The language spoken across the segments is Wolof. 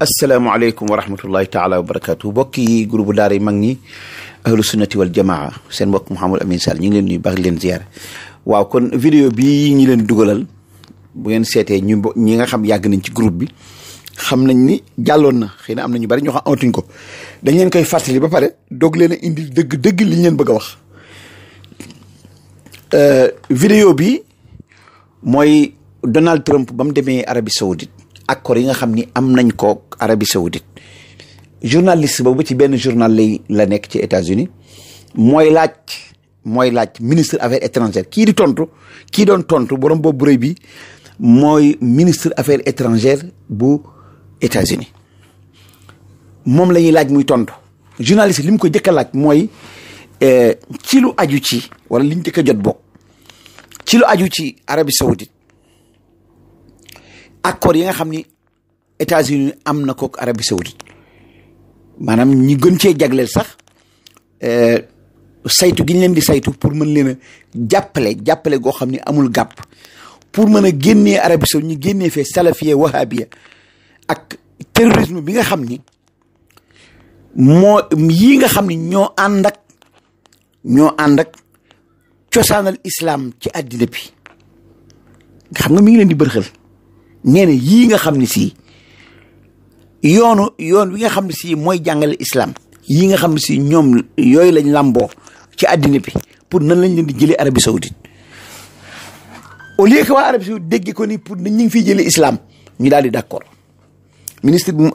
asalaamaaleykum wa rahmatullahi taala wa barakaatu mbokk yi groupe daara yi mag ñi ahlu sunnati wal jamaa seen mbokk Mouhamadou Amine Sall ñu ngi leen nuyu baax leen ziar waaw kon vidéo bi ñi leen dugalal bu ngeen seetee ñu ñi nga xam yàgg nañ ci groupe bi xam nañ ni jàlloon na xëy na am na bari ñoo xam amatuñ ko dañ leen koy fàttali ba pare doog leen indil dëgg dëgg li ñu leen bëgg a wax euh, vidéo bi mooy Donald Trump ba mu demee Arabie Saoudite accord yi nga xam ni am nañ ko Arabie Saoudite journaliste boobu ci benn journal lay la nekk ci États-Unis mooy laaj mooy laaj ministre affaires étrangères kii di tontu kii doon tontu borom boobu rëy bi mooy ministre affaire étrangères bu États-Unis moom lañuy laaj muy tontu journaliste li mu ko jëkk a laaj mooy eh, ci lu aju ci wala li ñu a jot bokk ci lu aju ci Arabie Saoudite ak kor yi nga xam ni États-Unis am na kook Arabie saoudite maanaam ñi gën cee jagleel sax eh, saytu gi ñu leen di saytu pour mën leen jàppale jàppale goo xam ni amul gàpp pour mën a génnee Arabie saoudite ñu génnee fee salafiyé wahabiya ak terrorisme bi nga xam ni moo yi nga xam ni ñoo ànd ak ñoo ànd ak cosaanal islam ci àddina bi xam nga mu ngi leen di bërxal nee yii nga xam ne sii yoonu yoon wi nga xam ne sii mooy jàngale islaam yii nga xam ne sii ñoom yooyu lañ làmboo ci àddina bi pour nan lañ leen di jëlee Arabie Saoudite au lieu que waa Arabie Saoudite dégg ko ni pour nañ ñu ngi fiy jëlee islam ñu daal di d'accord ministre bi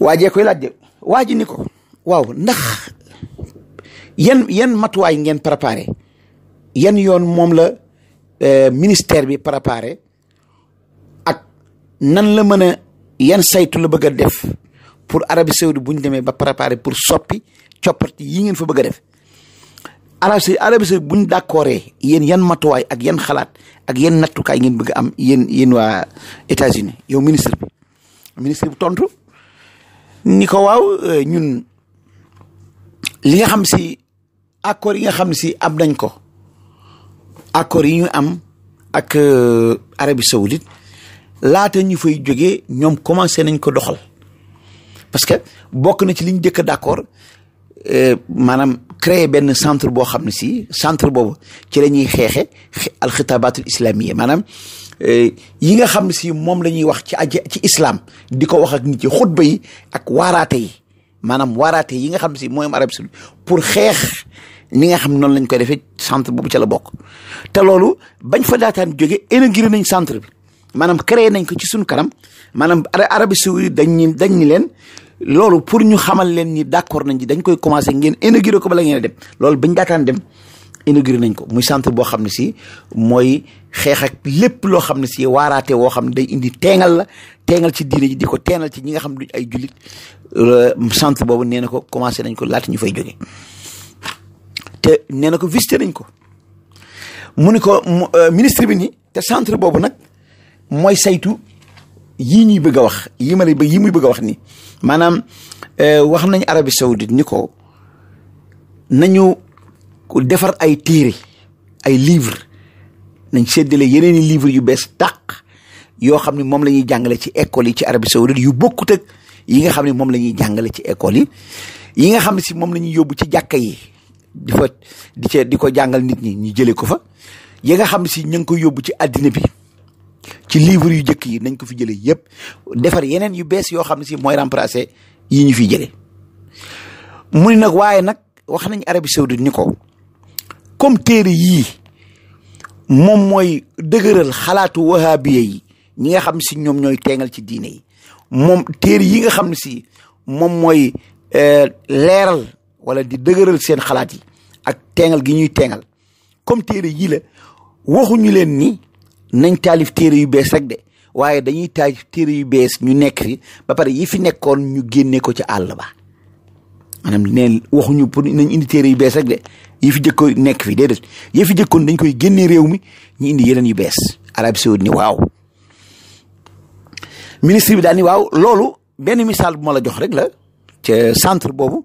waajee koy laaj waa ji ni ko waaw ndax yan yan matuwaay ngeen préparé yan yoon moom la euh, ministère bi préparé nan la mën a yan saytu la bëgg a def pour Arabie Saoudite bu demee ba préparer pour soppi coppati yi ngeen fa bëgg a def Arabie Arabie Saoudite bu ñu d'accordee yéen yan matuwaay ak yan xalaat ak yan nattukaay ngeen bëgg a am yéen yéen waa États-Unis yow ministre bi ministre bu tontu ni ko waaw euh, ñun li nga xam si accord yi nga xam si am dañ ko accord yi ñu am ak euh, Arabie Saoudite laata ñu fay jógee ñoom commencé nañ ko doxal parce que bokk na ci li ñu jëkk d'accord euh, maanaam créer benn centre boo xam ne si centre boobu ci la ñuy xeexe alxitaabatul islamiyya maanaam euh, yi nga xam ne si moom la ñuy wax ci aje ci islaam di ko wax ak nit ci xutba yi ak waaraate yi maanaam waaraate yi nga xam ne si mooy am arab saudi pour xeex ni nga xam noonu lañ koy defee centre boobu ca la bokk te loolu bañ fa daataan jóge inauguré nañ centre bi maanaam créé nañ ko ci suñu kanam maanaam Arabie Saoudite dañ ñu dañ ñu leen loolu pour ñu xamal leen ni d'accord nañ ci dañ koy commencé ngeen inauguré ko bala ngeen dem loolu bañ daataan dem inauguré nañ ko muy centre boo xam ne si mooy xeex ak loo xam ne si waaraate woo xam ne day indi teengal la teengal ci diine ji di ko teengal ci ñi nga xam ne duñ ay jullit euh, centre boobu nee na ko commencé nañ ko laata ñu fay jóge te nee na ko visité nañ ko mu ni ko euh, ministre bi ni te centre boobu nag mooy saytu yii ñuy bëgg a wax yi ma lay bëgg yi bëgg wax nii maanaam euh, wax nañ Arabie Saoudite ni ko nañu defar ay téere ay livre nañ séddale yeneen i livre yu bees tàq yoo xam ne moom la ñuy jàngale ci école yi ci Arabie Saoudite yu bokkut yi nga xam ne moom la ñuy jàngale ci école yi yi nga xam ne si moom la ñuy yóbbu ci jàkka yi di di ca di ko jàngal nit ñi ñu jëlee ko fa yi nga xam ne si ñu ngi ko yóbbu ci addina bi ci livre yu njëkk yi nañ ko fi jëlee yëpp defar yeneen yu bees yoo xam ne si mooy remplacer yi ñu fi jëlee mu ne nag waaye nag wax nañ Arabie Saoudite ni ko comme téere yii moom mooy dëgëral xalaatu wahabiye yi ñi nga xam ne si ñoom ñooy teengal ci diine yi moom téere yi nga xam ne si moom mooy euh, leeral wala di dëgëral seen xalaat yi ak teengal gi ñuy teengal comme téere yii la waxuñu leen ni nañ taalif téere yu bees rek de waaye dañuy taalif téere yu bees ñu nekk fi ba pare yi fi nekkoon ñu génnee ko ca àll ba maanaam neen waxuñu pour nañ indi téere yu bees rek de yi fi jëkkoon nekk fi déedéet yi fi jëkkoon dañ koy génnee réew mi ñu indi yeneen yu bees Arabie Saoudite ni waaw ministre bi daal waaw loolu benn misaal bu ma la jox rek la ca centre boobu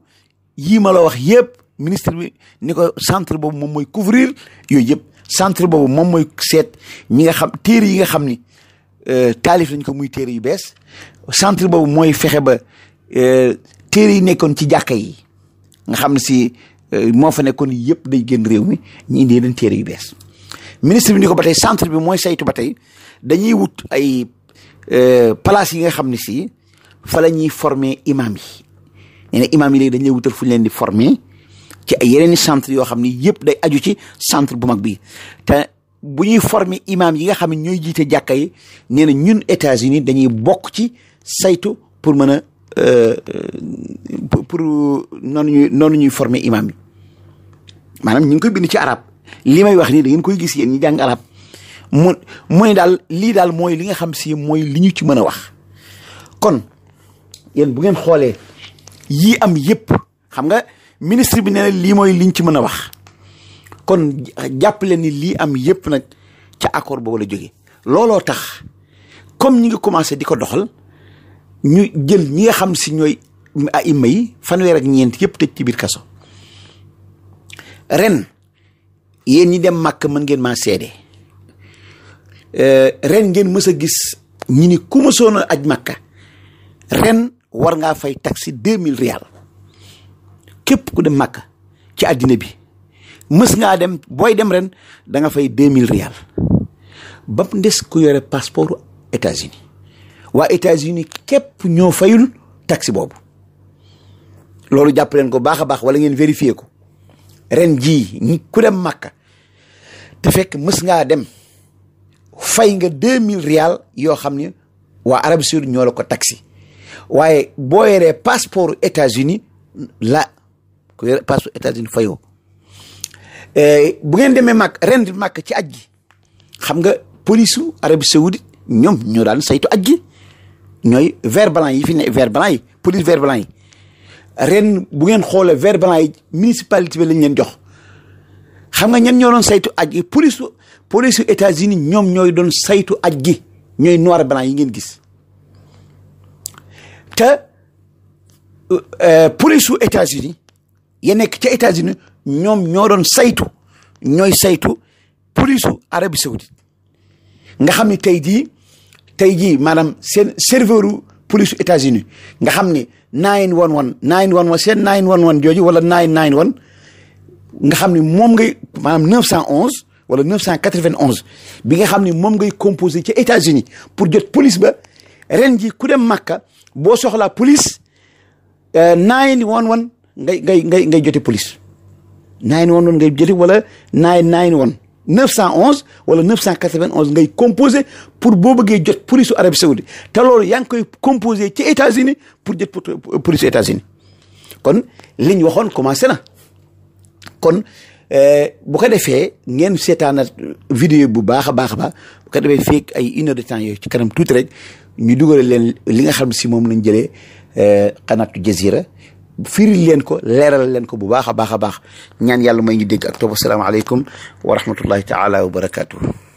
yii ma la wax yëpp ministre bi ni ko centre boobu moom mooy couvrir yooyu yëpp centre boobu moom mooy seet ñi nga xam téere yi nga xam ni euh, taalif lañ ko muy téere yu bees centre boobu mooy fexe ba euh, téere yi nekkoon ci jàkka yi nga xam ne si euh, moo fa nekkoon yëpp day génn réew mi ñu indi yeneen téere yu bees ministre bi ni ko ba tey centre bi mooy saytu ba tey dañuy wut ay place yi nga xam ni si fa la ñuy former imam yi nee na yi léegi dañ wutal fu ñu leen di former ci ay yeneen i centre yoo xam ni yëpp day aju ci centre bu mag bi te bu ñuy forme imam yi nga xam ne ñooy jiite jàkka yi nee na ñun États-Unis dañuy bokk ci saytu pour mën a euh, pour noonu ñuy noonu ñuy former imam yi maanaam ñu ngi koy bind ci arab li may wax nii da ngeen koy gis yéen ñi jàng arab mu mu ne daal lii daal mooy li nga xam si mooy li ñu ci mën a wax kon yéen bu ngeen xoolee yii am yëpp xam nga ministre bi neena li moy liñ ci mëna wax kon jàppale ni li am yépp nak ci accord bo wala jóge lolo tax comme ñi ngi commencé di doxal ñu jël ñi nga xam si ñooy aima yi wér ak ñent yépp tecc ci bir kaso ren yeen ñi dem makk mën ngeen sédé euh ren ngeen mësa gis ñi ni ku aj ren war nga fay taxi demi rial képp ku dem màkk ci àddina bi mës ngaa dem booy dem ren danga fay deux mille rial ba ndes ku yore passeport États-Unis waa États-Unis képp ñoo fayul taxi boobu loolu jàpp leen ko baax a baax wala ngeen vérifier ko ren ji ku dem màkka te fekk mës ngaa dem fay nga deux mille rial yoo xam ne waa Arabie Saoudite ñoo la ko taxi waaye boo yoree passeport États-Unis la ku yore pasu États-Unis fayoo eh, bu ngeen demee màkk ren di màkk ci aj gi xam nga police u Arabie Saoudite ñoom ñoo daal saytu aj gi ñooy ver blanc yi fi ne vert blanc yi police vert blanc yi ren bu ngeen xoolee vert blanc yi municipalité bi lañ leen jox xam nga ñen ñoo doon saytu aj gi police police u ñoom ñooy doon saytu aj gi ñooy noir blanc yi ngeen gis te euh, police u ya nekk ca États-Unis ñoom ñoo doon saytu ñooy saytu police u Arabie nga xam ni tey jii tey jii maanaam seen serveur u police États-Unis nga xam ni nine one one nine one one seen nine one one jooju wala nine nine one nga xam ni moom ngay maanaam neuf cent onze wala neuf cent quatre-vingt-onze bi nga xam ni moom ngay composé ca États-Unis pour jot police ba ren ji ku dem Makka boo soxlaa police euh, nine one one ngay ngay ngay ngay joti police nine one one ngay joti wala nine nine one neuf cent onze wala neuf cent quatre vingt ngay composé pour boo bëggee jot police u Arabie Saoudite te ngi koy composé ci États-Unis pour jot police États-Unis kon li ñu waxoon commencé na kon eh, bu ko defee ngeen seetaanat vidéo bu baax a baax a baax bu ko defee fii ay une heure de temps yooyu ci kanam tuuti rek ñu dugale leen li nga xam si moom lañ jëlee eh, xanaatu jazira firil leen ko leeral leen ko bu baax a baax a baax ñaan yàlla may ñu dégg ak toba salaamaaleykum wa rahmatullahi taala wa barakatuh